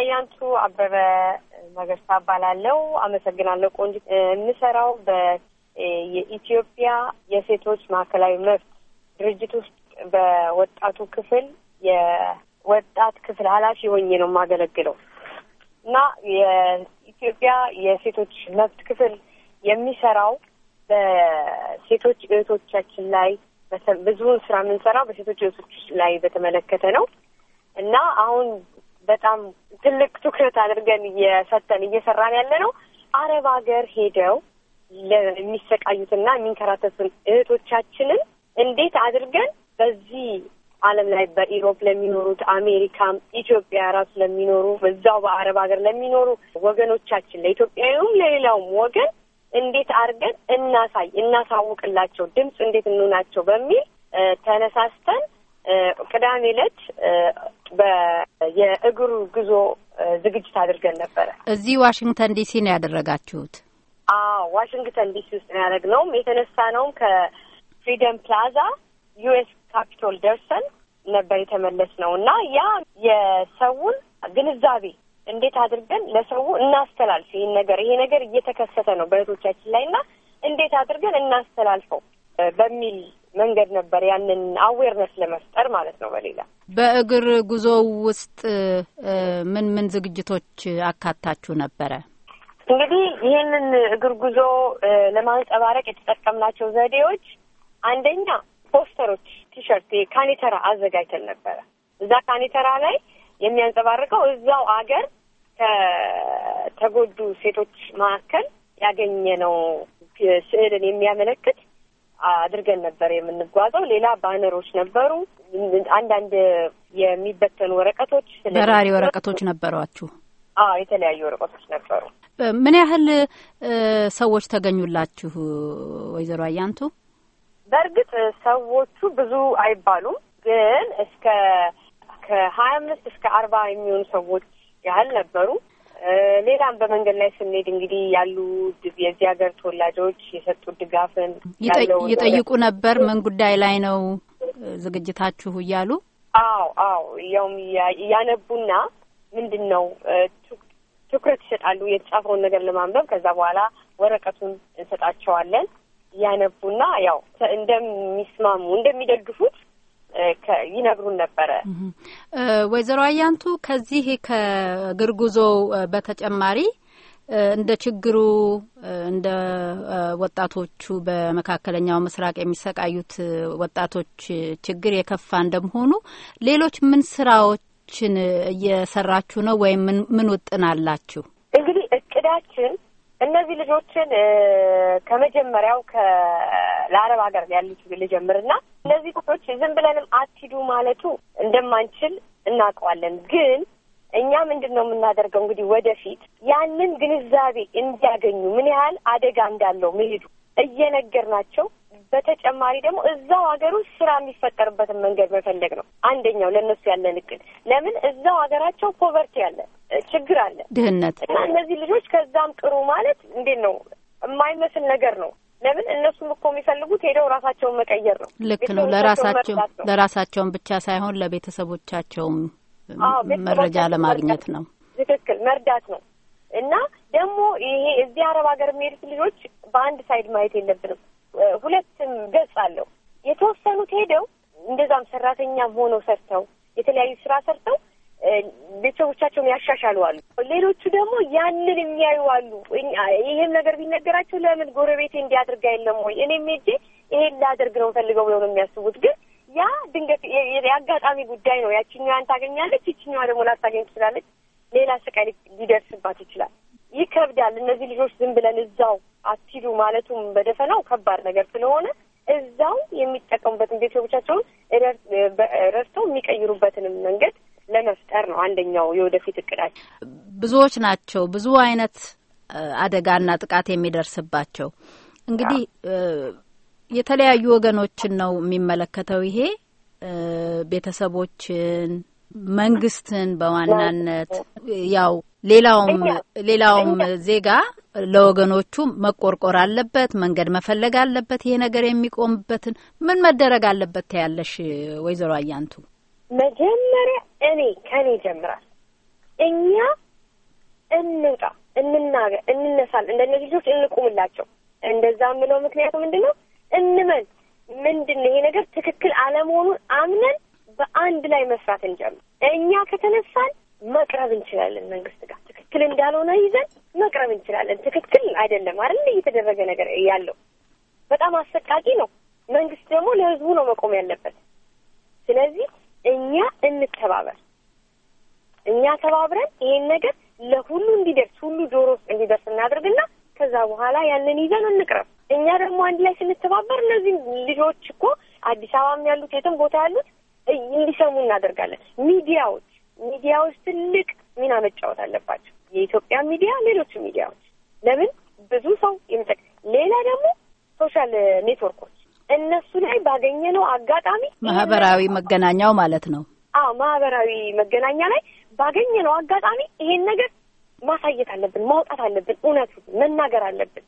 አያንቱ አበበ መገርሳ እባላለሁ። አመሰግናለሁ ቆንጆ። የምሰራው በኢትዮጵያ የሴቶች ማዕከላዊ መብት ድርጅት ውስጥ በወጣቱ ክፍል የወጣት ክፍል ኃላፊ ሆኜ ነው የማገለግለው እና የኢትዮጵያ የሴቶች መብት ክፍል የሚሰራው በሴቶች እህቶቻችን ላይ ብዙውን ስራ የምንሰራው በሴቶች እህቶች ላይ በተመለከተ ነው እና አሁን በጣም ትልቅ ትኩረት አድርገን እየሰጠን እየሰራን ያለ ነው። አረብ ሀገር ሄደው ለሚሰቃዩትና የሚንከራተቱን እህቶቻችንን እንዴት አድርገን በዚህ ዓለም ላይ በኢሮፕ ለሚኖሩት አሜሪካም፣ ኢትዮጵያ ራሱ ለሚኖሩ በዛው በአረብ ሀገር ለሚኖሩ ወገኖቻችን ለኢትዮጵያውም ለሌላውም ወገን እንዴት አድርገን እናሳይ፣ እናሳውቅላቸው፣ ድምፅ እንዴት እንሆናቸው በሚል ተነሳስተን ቅዳሜ ዕለት የእግር ጉዞ ዝግጅት አድርገን ነበረ። እዚህ ዋሽንግተን ዲሲ ነው ያደረጋችሁት? አዎ ዋሽንግተን ዲሲ ውስጥ ነው ያደረግነውም። የተነሳ ነውም ከፍሪደም ፕላዛ ዩኤስ ካፒቶል ደርሰን ነበር የተመለስ ነው እና ያ የሰውን ግንዛቤ እንዴት አድርገን ለሰው እናስተላልፍ፣ ይህን ነገር ይሄ ነገር እየተከሰተ ነው በእህቶቻችን ላይ እና እንዴት አድርገን እናስተላልፈው በሚል መንገድ ነበር ያንን አዌርነስ ለመፍጠር ማለት ነው። በሌላ በእግር ጉዞ ውስጥ ምን ምን ዝግጅቶች አካታችሁ ነበረ? እንግዲህ ይህንን እግር ጉዞ ለማንጸባረቅ የተጠቀምናቸው ዘዴዎች አንደኛ ፖስተሮች፣ ቲሸርት፣ ካኔተራ አዘጋጅተን ነበረ። እዛ ካኔተራ ላይ የሚያንጸባርቀው እዛው አገር ከተጎዱ ሴቶች መካከል ያገኘነው ስዕልን የሚያመለክት አድርገን ነበር የምንጓዘው። ሌላ ባነሮች ነበሩ። አንዳንድ የሚበተኑ ወረቀቶች፣ በራሪ ወረቀቶች ነበሯችሁ? አዎ የተለያዩ ወረቀቶች ነበሩ። ምን ያህል ሰዎች ተገኙላችሁ ወይዘሮ አያንቱ? በእርግጥ ሰዎቹ ብዙ አይባሉም፣ ግን እስከ ከሀያ አምስት እስከ አርባ የሚሆኑ ሰዎች ያህል ነበሩ። ሌላም በመንገድ ላይ ስንሄድ እንግዲህ ያሉ የዚህ ሀገር ተወላጆች የሰጡት ድጋፍን ይጠይቁ ነበር። ምን ጉዳይ ላይ ነው ዝግጅታችሁ እያሉ አዎ፣ አዎ ያውም እያነቡና ምንድን ነው ትኩረት ይሰጣሉ የተጻፈውን ነገር ለማንበብ። ከዛ በኋላ ወረቀቱን እንሰጣቸዋለን። እያነቡና ያው እንደሚስማሙ እንደሚደግፉት ይነግሩን ነበረ። ወይዘሮ አያንቱ ከዚህ ከእግር በተጨማሪ እንደ ችግሩ እንደ ወጣቶቹ በመካከለኛው ምስራቅ የሚሰቃዩት ወጣቶች ችግር የከፋ እንደመሆኑ ሌሎች ምን ስራዎችን እየሰራችሁ ነው ወይም ምን ውጥን አላችሁ? እንግዲህ እቅዳችን እነዚህ ልጆችን ከመጀመሪያው ለአረብ ሀገር ያለች ልጀምርና እነዚህ ቁቶች ዝም ብለንም አትሂዱ ማለቱ እንደማንችል እናውቀዋለን። ግን እኛ ምንድን ነው የምናደርገው እንግዲህ ወደፊት ያንን ግንዛቤ እንዲያገኙ ምን ያህል አደጋ እንዳለው መሄዱ እየነገርናቸው በተጨማሪ ደግሞ እዛው ሀገር ውስጥ ስራ የሚፈጠርበትን መንገድ መፈለግ ነው አንደኛው ለእነሱ ያለን እቅድ። ለምን እዛው ሀገራቸው ፖቨርቲ አለ፣ ችግር አለ፣ ድህነት እና እነዚህ ልጆች ከዛም ጥሩ ማለት እንዴት ነው የማይመስል ነገር ነው። ለምን እነሱም እኮ የሚፈልጉት ሄደው ራሳቸውን መቀየር ነው። ልክ ነው። ለራሳቸው ለራሳቸውን ብቻ ሳይሆን ለቤተሰቦቻቸውም መረጃ ለማግኘት ነው። ትክክል መርዳት ነው። እና ደግሞ ይሄ እዚህ አረብ ሀገር የሚሄዱት ልጆች በአንድ ሳይድ ማየት የለብንም። ሁለትም ገጽ አለው። የተወሰኑት ሄደው እንደዛም ሰራተኛ ሆነው ሰርተው የተለያዩ ስራ ሰርተው ቤተሰቦቻቸውን ያሻሻሉ አሉ። ሌሎቹ ደግሞ ያንን የሚያዩ አሉ። ይህም ነገር ቢነገራቸው ለምን ጎረቤቴ እንዲያደርግ የለም ወይ እኔም ሄጄ ይሄን ላደርግ ነው ፈልገው ብለው ነው የሚያስቡት። ግን ያ ድንገት የአጋጣሚ ጉዳይ ነው። ያችኛዋን ታገኛለች፣ ይችኛዋ ደግሞ ላታገኝ ትችላለች። ሌላ ስቃይ ሊደርስባት ይችላል። ይከብዳል። እነዚህ ልጆች ዝም ብለን እዛው አትሂዱ ማለቱም በደፈናው ከባድ ነገር ስለሆነ እዛው የሚጠቀሙበትን ቤተሰቦቻቸውን ረድተው የሚቀይሩበትንም መንገድ ለመፍጠር ነው አንደኛው የወደፊት እቅዳቸው። ብዙዎች ናቸው፣ ብዙ አይነት አደጋና ጥቃት የሚደርስባቸው እንግዲህ የተለያዩ ወገኖችን ነው የሚመለከተው። ይሄ ቤተሰቦችን፣ መንግስትን በዋናነት ያው ሌላውም ሌላውም ዜጋ ለወገኖቹ መቆርቆር አለበት፣ መንገድ መፈለግ አለበት። ይሄ ነገር የሚቆምበትን ምን መደረግ አለበት ታያለሽ ወይዘሮ አያንቱ? መጀመሪያ እኔ ከእኔ ጀምራል። እኛ እንውጣ፣ እንናገር፣ እንነሳል። እንደነዚህ ልጆች እንቁምላቸው። እንደዛ የምለው ምክንያቱ ምንድን ነው? እንመን ምንድን ነው ይሄ ነገር ትክክል አለመሆኑን አምነን በአንድ ላይ መስራት እንጀምር። እኛ ከተነሳን መቅረብ እንችላለን። መንግስት ጋር ትክክል እንዳልሆነ ይዘን መቅረብ እንችላለን። ትክክል አይደለም አይደል እየተደረገ ነገር ያለው በጣም አሰቃቂ ነው። መንግስት ደግሞ ለህዝቡ ነው መቆም ያለበት። ስለዚህ እኛ እንተባበር። እኛ ተባብረን ይሄን ነገር ለሁሉ እንዲደርስ ሁሉ ጆሮ ውስጥ እንዲደርስ እናደርግና ከዛ በኋላ ያንን ይዘን እንቅረብ። እኛ ደግሞ አንድ ላይ ስንተባበር እነዚህ ልጆች እኮ አዲስ አበባም ያሉት የትም ቦታ ያሉት እንዲሰሙ እናደርጋለን። ሚዲያዎች ሚዲያዎች ትልቅ ሚና መጫወት አለባቸው። የኢትዮጵያ ሚዲያ፣ ሌሎች ሚዲያዎች ለምን ብዙ ሰው ይምጠቅ። ሌላ ደግሞ ሶሻል ኔትወርኮች እነሱ ላይ ባገኘነው አጋጣሚ ማህበራዊ መገናኛው ማለት ነው። አዎ ማህበራዊ መገናኛ ላይ ባገኘነው አጋጣሚ ይሄን ነገር ማሳየት አለብን፣ ማውጣት አለብን፣ እውነቱ መናገር አለብን።